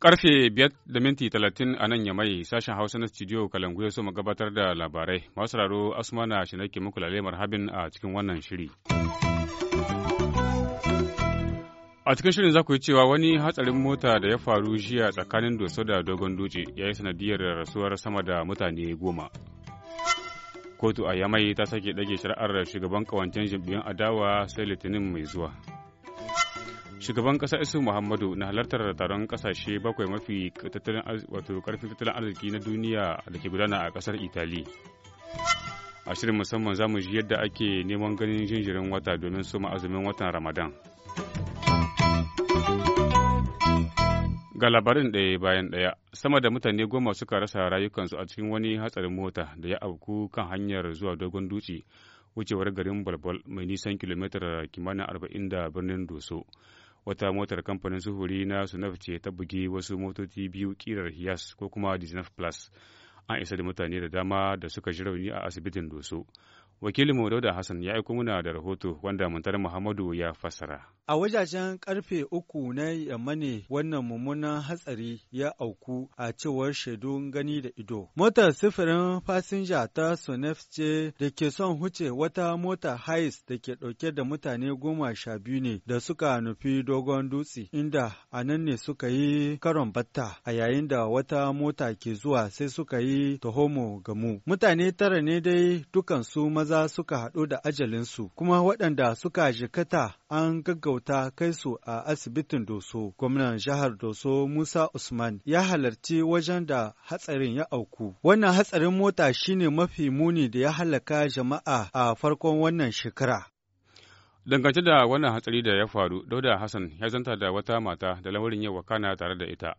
karfe biyar da minti talatin a nan yamai sashen hausa na studio kalangu ya so mu gabatar da labarai masu raro asmana shi nake muku lalemar habin a cikin wannan shiri. A cikin shirin za ku yi cewa wani hatsarin mota da ya faru jiya tsakanin Doso da Dogon Dutse ya yi sanadiyar rasuwar sama da mutane goma. Kotu a Yamai ta sake ɗage shari'ar shugaban kawancen jam'iyyun adawa sai Litinin mai zuwa. Shugaban ƙasa Isu Muhammadu na halartar taron kasashe bakwai mafi wato ƙarfin tattalin arziki na duniya da ke gudana a kasar Itali. A shirin musamman za mu ji yadda ake neman ganin jinjirin wata domin suma azumin watan Ramadan. Ga labarin ɗaya bayan ɗaya, sama da mutane goma suka rasa rayukansu a cikin wani hatsarin mota da ya auku kan hanyar zuwa dogon dutse wucewar garin Balbal mai nisan kilomitar kimanin arba'in da birnin Doso. Wata motar kamfanin sufuri na Sunaf ce ta bugi wasu motoci biyu kirar Hiyas ko kuma Dizinaf Plus. An isa da mutane da dama da suka ji rauni a asibitin Doso. Wakilinmu Dauda Hassan ya aiko muna da rahoto wanda Muntar Muhammadu ya fassara. A wajajen karfe uku na yamma ne wannan mummunan hatsari ya auku a cewar shaidun gani da ido. Motar sifirin fasinja ta sonefce da ke son huce wata mota Hais da ke ɗauke da mutane goma sha biyu ne da suka nufi dogon dutse inda a nan ne suka yi karon batta a yayin da wata mota ke zuwa sai suka yi tahomo gamu. Mutane tara ne dai dukansu maza suka haɗu da ajalinsu kuma waɗanda suka jikata an gaggauta kai su a asibitin Doso. Gwamnan jihar Doso Musa Usman ya halarci wajen da hatsarin ya auku. Wannan hatsarin mota shine mafi muni da ya halaka jama'a a farkon wannan shekara. Dangance da wannan hatsari da ya faru, Dauda Hassan ya zanta da wata mata da lamarin yau wakana tare da ita.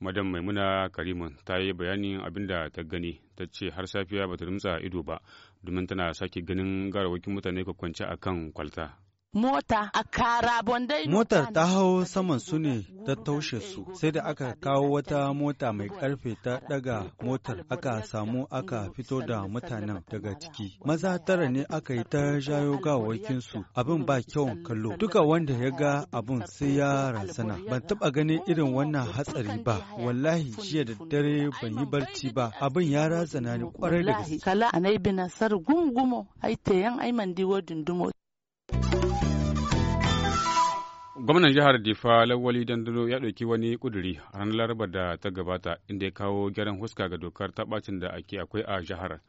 Madam Maimuna Karimun ta yi bayanin abin da ta gani, ta ce har safiya ba ta rumtsa ido ba, domin tana sake ganin garawakin mutane kwance a kan kwalta. mota a kara bondai. Motar ta hau saman su ne ta taushe su, sai da aka kawo wata mota mai karfe ta daga motar aka samu aka fito da mutanen daga ciki. Maza tara ne aka yi ta jayo gawakinsu abin ba kyawun kallo. Duka wanda ya ga abin sai ya ransana. Ban taba ganin irin wannan hatsari ba, wallahi jiya da dare ban yi barci ba, abin ya razana ni kwarai da gaske. Kala anai nasar gungumo, ai tayan ai dundumo. Gwamnan jihar Difa Lawali Dandano ya ɗauki wani ƙuduri a ranar Laraba da ta gabata inda ya kawo gyaran huska ga dokar taɓacin da ake akwai a jihar.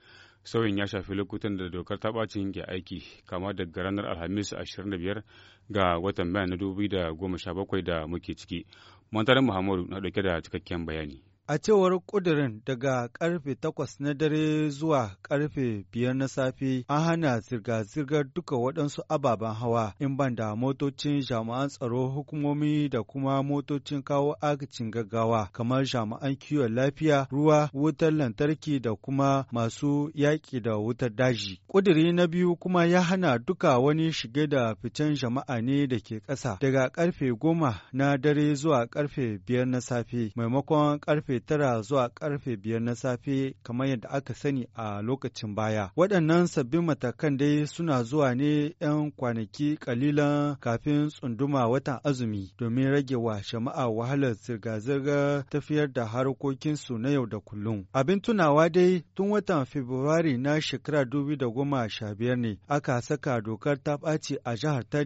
Sauyin ya shafi lokutan da dokar taɓacin ke aiki kama daga ranar Alhamis 25 ga watan mayan na 2017 da muke ciki. Mantarin Muhammadu na ɗauke da cikakken bayani. A cewar ƙudurin daga ƙarfe takwas na dare zuwa ƙarfe biyar na safe an hana zirga-zirgar duka waɗansu ababen hawa in ban da motocin jama'an tsaro hukumomi da kuma motocin kawo agacin gaggawa kamar jama'an kiwon lafiya ruwa wutar lantarki da kuma masu yaƙi da wutar daji. Ƙuduri na biyu kuma ya hana duka wani shige da ficen jama'a ne da ke ƙasa daga ƙarfe goma na dare zuwa ƙarfe biyar na safe maimakon ƙarfe tara zuwa karfe biyar na safe kamar yadda aka sani a lokacin baya. Waɗannan sabbin matakan dai suna zuwa ne 'yan kwanaki kalilan kafin tsunduma watan azumi domin rage wa shama'a wahalar zirga-zirga tafiyar da harkokinsu na yau da kullum. Abin tunawa dai tun watan Fabrairu na shekara dubu da goma sha biyar ne aka saka dokar ta ɓaci a jihar ta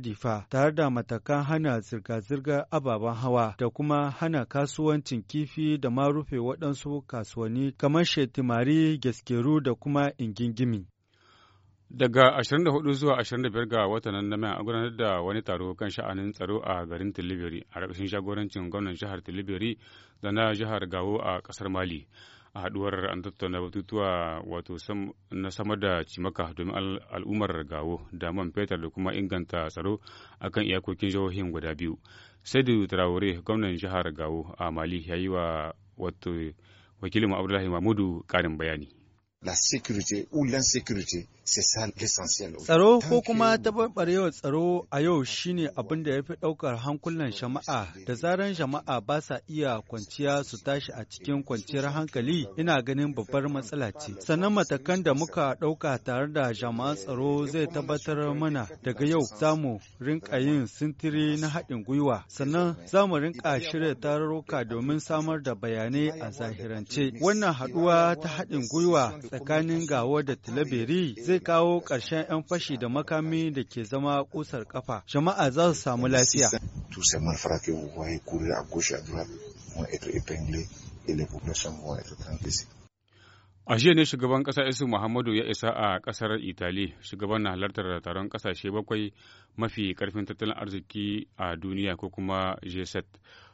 tare da matakan hana zirga-zirgar ababen hawa da kuma hana kasuwancin kifi da maru rufe waɗansu kasuwanni kamar Shetimari, Gaskeru da kuma Ingingimi. Daga 24 zuwa 25 ga watan nan a gudanar da wani taro kan sha'anin tsaro a garin Tilibiri a ƙarƙashin jagorancin gwamnan jihar Tilibiri da na jihar Gawo a kasar Mali. A haɗuwar an tattauna batutuwa wato na samar da cimaka domin al'ummar Gawo da man fetur da kuma inganta tsaro a kan iyakokin jihohin guda biyu. Saidu Traore gwamnan jihar Gawo a Mali ya yi wa wato wakilin Abdullahi Mahmudu karin bayani. La sécurité ou l'insécurité Tsaro ko kuma taɓarɓarewar tsaro a yau shine abin da ya fi ɗaukar hankulan jama'a da zaran jama'a ba sa iya kwanciya su tashi a cikin kwanciyar hankali ina ganin babbar matsala ce. Sannan matakan da muka ɗauka tare da jama'an tsaro zai tabbatar mana daga yau za mu rinka yin sintiri na haɗin gwiwa sannan za mu rinka shirya tarurruka domin samar da bayanai a zahirance. Wannan haɗuwa ta haɗin gwiwa tsakanin gawa da talabiri zai zai kawo ƙarshen 'yan fashi da makami da ke zama kusar kafa. Jama'a za su samu lafiya. A jiya ne shugaban ƙasa Isu Muhammadu ya isa a ƙasar Itali, shugaban na halartar taron ƙasashe bakwai mafi karfin tattalin arziki a duniya ko kuma G7.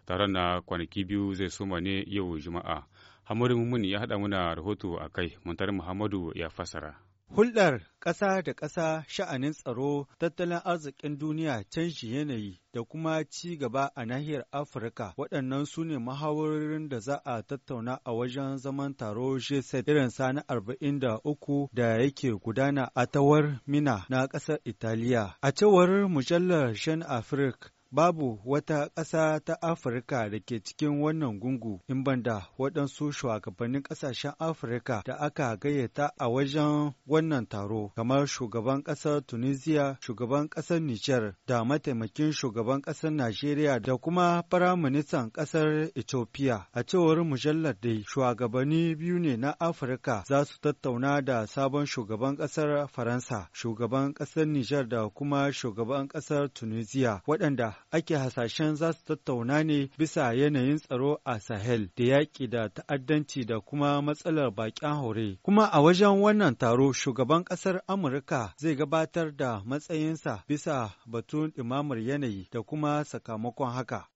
Taron na kwanaki biyu zai soma ne yau Juma'a. Hamadu mun ya haɗa muna rahoto a kai, muntar Muhammadu ya fasara. Hulɗar ƙasa da ƙasa sha'anin tsaro, tattalin arzikin duniya, canji yanayi da kuma ci gaba a nahiyar Afirka waɗannan su ne mahawarorin da za a tattauna a wajen zaman taro G7 irin na arba'in da uku da yake gudana a tawar Mina na ƙasar Italiya. A cewar mujallar Jean Afrique Babu wata ƙasa ta Afirka da ke cikin wannan gungu in banda waɗansu shugabannin ƙasashen Afirka da aka gayyata a wajen wannan taro, kamar shugaban ƙasar Tunisia, shugaban ƙasar Nijar da mataimakin shugaban ƙasar Najeriya da kuma firaministan ƙasar Ethiopia. A cewar mujallar dai, shugabanni biyu ne na Afirka za su tattauna da sabon shugaban ƙasar Faransa, shugaban ƙasar Nijar da kuma shugaban ƙasar Tunisia waɗanda ake hasashen za su tattauna ne bisa yanayin tsaro a Sahel da yaƙi da ta'addanci da kuma matsalar baƙin haure. Kuma a wajen wannan taro shugaban ƙasar Amurka zai gabatar da matsayinsa bisa batun imamur yanayi da kuma sakamakon haka.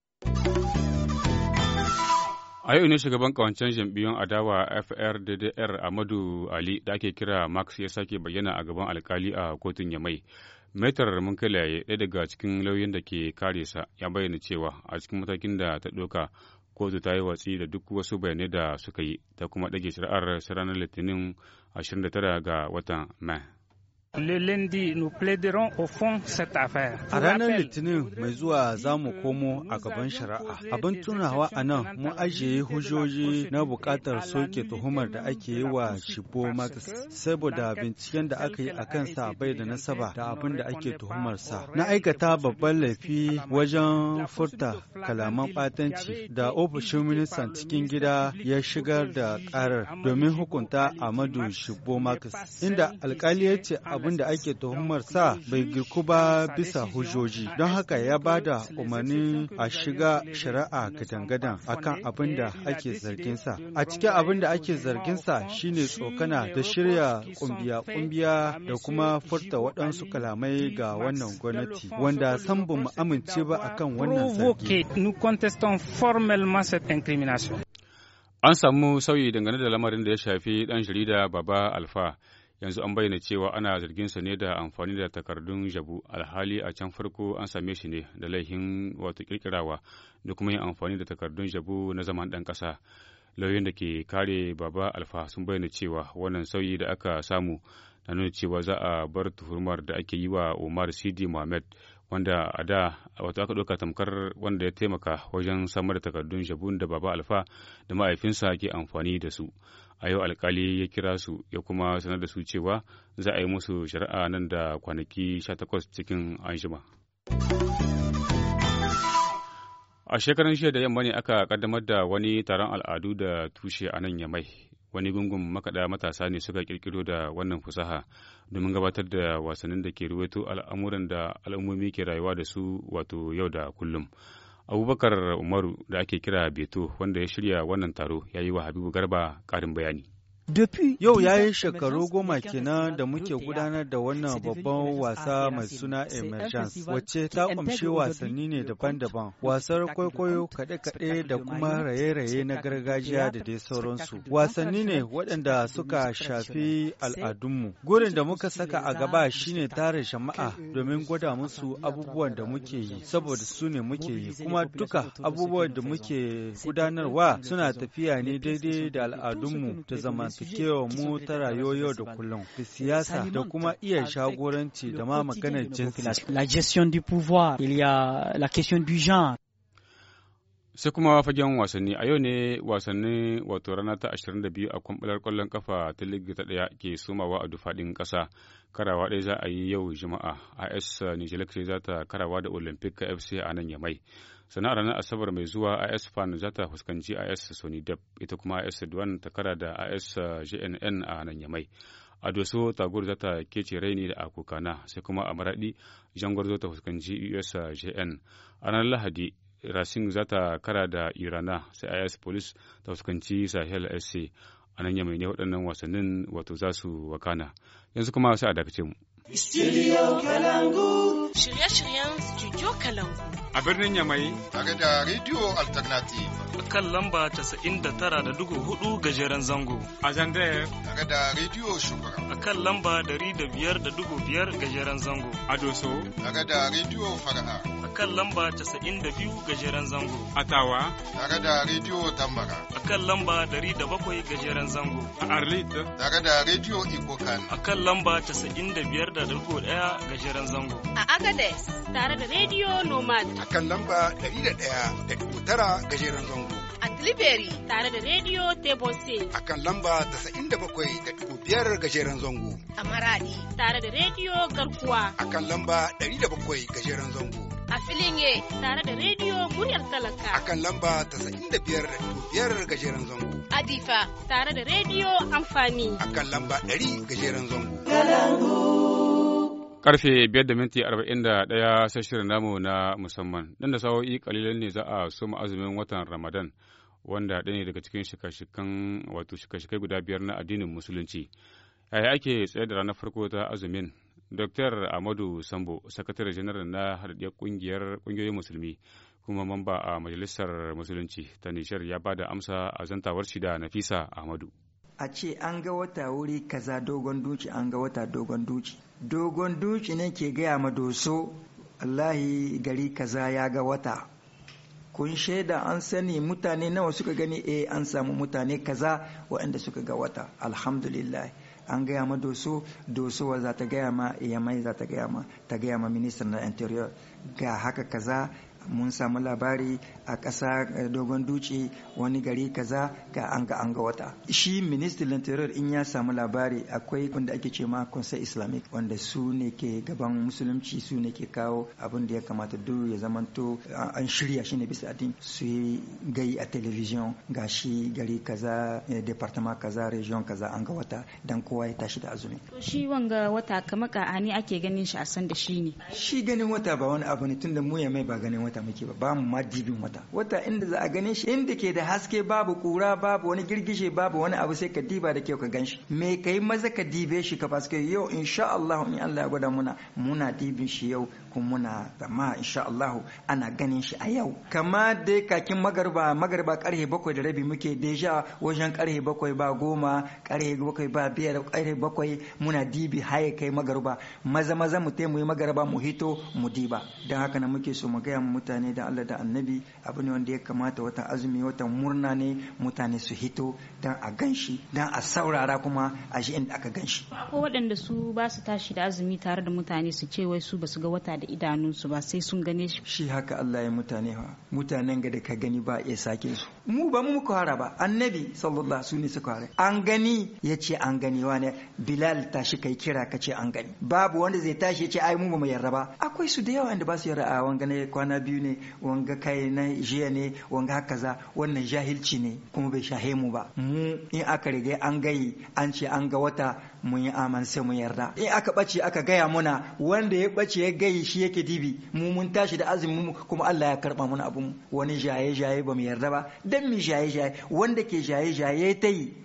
A yau ne shugaban kawancen jam'iyyun adawa FRDDR Amadu Ali da ake kira Max ya sake bayyana a gaban alkali a kotun Yamai. Maitar ya ɗaya daga cikin lauyan da ke kare sa ya bayyana cewa a cikin matakin da ta ɗauka kotu ta yi watsi da duk wasu bayanai da suka yi ta kuma ɗage shari'ar ranar litinin 29 ga watan Mai. Le lundi, nous plaiderons au fond cette affaire. A ranar Litinin mai zuwa za mu komo a gaban shari'a. Abin tunawa a nan mun ajiye hujjoji na buƙatar soke tuhumar da ake yi wa Shibo Max saboda binciken da aka yi a kansa bai da nasaba da abin da ake tuhumar sa. Na aikata babban laifi wajen furta kalaman ɓatanci da ofishin ministan cikin gida ya shigar da ƙarar domin hukunta Amadu Shibo Max inda alkali ya ce abu abin da ake tuhumar sa bai girku ba bisa hujjoji don haka ya ba da umarnin a shiga shari'a gadan-gadan akan abin da ake zargin sa a cikin abin da ake zargin sa shine tsokana da shirya kumbiya-kumbiya da kuma furta waɗansu kalamai ga wannan gwamnati wanda san ba mu amince ba akan wannan zargi An samu sauyi dangane da lamarin da ya shafi ɗan jarida Baba Alfa. yanzu an bayyana cewa ana zargin sa ne da amfani da takardun jabu alhali a can farko an same shi ne da laihin wato kirkirawa da kuma yin amfani da takardun jabu na zaman ɗan ƙasa lauyoyin da ke kare baba alfa sun bayyana cewa wannan sauyi da aka samu na nuna cewa za a bar tuhumar da ake yi wa umar sidi mohamed wanda a da wato aka ɗauka tamkar wanda ya taimaka wajen samar da takardun jabun da baba alfa da ma'aifinsa ke amfani da su a yau alkali ya kira su ya kuma sanar da su cewa za a yi musu shari'a nan da kwanaki 18 cikin anjima. A shekaran shida da yamma ne aka kaddamar da wani taron al'adu da tushe a nan yamai. Wani gungun makaɗa matasa ne suka kirkiro da wannan fusaha domin gabatar da wasannin da ke ruwaito al'amuran da al'ummomi ke rayuwa da su wato yau da kullum. abubakar umaru da ake kira beto wanda ya shirya wannan taro ya yi wa habibu garba karin bayani Yau ya yi shekaru goma kenan da muke gudanar da wannan babban wasa mai suna Emergence, wacce ta ƙumshi wasanni ne daban-daban, wasar kwaikwayo kaɗe-kaɗe da kuma raye-raye na gargajiya da dai sauransu. Wasanni ne waɗanda suka shafi al'adunmu. Gurin da muka saka a gaba shine tare jama'a domin gwada musu abubuwan da muke yi, saboda su ne muke yi, kuma duka abubuwan da muke gudanarwa suna tafiya ne daidai da al'adunmu ta zaman kewa mu ta rayuwa da kullum da siyasa da kuma iya shagoranci da ma maganar jinsi. La gestion du pouvoir, la question du genre. sai kuma fagen wasanni a yau ne wasanni wato rana ta 22 a kwambalar kwallon kafa ta ligi ta daya ke sumawa a dufaɗin ƙasa karawa ɗaya za a yi yau juma'a as nijelek za ta karawa da olympic fc a nan yamai sana'ar ranar asabar mai zuwa is fan za ta fuskanci is sony dep ita kuma is duwan ta kara da is gnn a nan yamai a doso tagur za ta kece raini da kokana sai kuma a maradi jangwar zo ta fuskanci us jn a ranar lahadi racing za ta kara da irana sai is police ta fuskanci sahel sc a nan yamai ne waɗannan wasannin wato za su wakana yanzu kuma sai a dakace mu. Shirye-shiryen Studio Kalangu. a birnin Yamai. Tare da Radio Alternative. Kan lamba 99.4 gajeren zango. A Zandaya. Tare da Radio shugaba A kan lamba 105.5 gajeren zango. A Doso. Tare da Radio Fara'a. A kan lamba 92 gajeren zango. A Tawa. Tare da Radio Tambara. A kan lamba 107 gajeren zango. A Arlit. Tare da Radio Ikokan. A kan lamba 95.1 gajeren zango. A Agades. Tare da Radio Nomad. a kan lamba ga gajeren zango. A Tilibiri tare da Radio Tebose. A kan lamba 97.5 gajeren zango. A Maradi tare da Radio Garkuwa. A kan lamba 107 gajeren zango. A Filinge tare da Radio Muryar Talaka. A kan lamba 95.5 gajeren zango. A Difa tare da Radio Amfani. A kan lamba 100 gajeren zango. Galangu. Karfe biyar da minti arba'in da ɗaya sai namu na musamman. Nan da sa'o'i kalilan ne za a soma azumin watan Ramadan wanda ɗaya ne daga cikin shika-shikan wato shika-shikai guda biyar na addinin Musulunci. Yaya ake tsaye da ranar farko ta azumin? Dr. Amadu Sambo, sakatare janar na haɗaɗɗiyar ƙungiyar ƙungiyoyin musulmi kuma mamba a Majalisar Musulunci ta Nishar ya ba da amsa a zantawar shida Nafisa Ahmadu. a ce an ga wata wuri kaza dogon duci an ga wata dogon duci dogon duci ne ke gaya ma doso wallahi gari kaza ya ga wata kun shaida an sani mutane nawa suka gani eh an samu mutane kaza waɗanda suka ga wata alhamdulillah an gaya ma doso doso wa za ta gaya ma iyamai e za ta gaya ma ta gaya ma ministan na interior ga haka kaza mun samu labari a ƙasa eh, dogon duce wani gari kaza ga an ga an ga wata shi ministan interior in ya samu labari akwai wanda ake ce ma conseil islamic wanda su ne ke gaban musulunci su ne ke kawo abin da ya kamata duk ya zamanto an shirya shi ne bisa addini su yi gai a television ga shi gari kaza eh, departement kaza region kaza an ga wata dan kowa ya tashi da azumi shi wanga wata kamar ani ake ganin shi a san da shi ne shi ganin wata ba wani abu ne tunda mu ya mai ba ganin wata muke ba ba mu ma dibin wata wata inda za a gane shi inda ke da haske babu kura babu wani girgishe babu wani abu sai ka diba da kyau ka gan shi me kai maza ka dibe shi ka faske yau insha Allah in Allah ya gwada muna muna dibin shi yau kuma muna zama insha Allah ana ganin shi a yau kama dai kakin magarba magarba karhe bakwai da rabi muke deja wajen karhe bakwai ba goma karhe bakwai ba biyar karhe bakwai muna dibi haye kai magarba maza maza mu taimu magarba mu hito mu diba don haka na muke so mu gaya mutane da Allah da annabi abu ne wanda ya kamata watan azumi watan murna ne mutane su hito don a ganshi don a saurara kuma a shi inda aka ganshi akwai waɗanda su ba su tashi da azumi tare da mutane su ce wai su ba su ga wata da da idanunsu ba sai sun gane shi shi haka Allah ya mutane ha mutanen ga da ka gani ba ya sake su mu ba mu muka hara ba annabi sallallahu alaihi wasallam suka hara an gani ya ce an gani ne? bilal tashi kai kira ka ce an gani babu wanda zai tashi ya ce ai mu ba mu yarda ba akwai su da yawa inda ba su yarda a wanga ne kwana biyu ne wanga kai na jiya ne wanga kaza wannan jahilci ne kuma bai shahe mu ba mu in aka rige an gayi an ce an ga wata mun yi aman sai mun yarda in aka bace aka gaya muna wanda ya bace ya gayi shi yake dibi mu mun tashi da azumi kuma Allah ya karba mun abun wani jaye jaye ba mu yarda ba dan mi jaye jaye wanda ke jaye jaye ta yi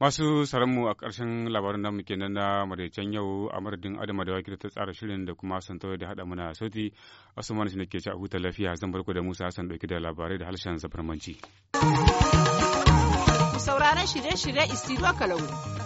masu mu a ƙarshen labarin da muke nan na madaicen yau a madadin adama da wakil ta tsara shirin da kuma san da haɗa mana sauti asuman shi ne ke ci a lafiya zan barku da musa hassan ɗauki da labarai da harshen zafarmanci. sauraron shirye-shirye istiro kalau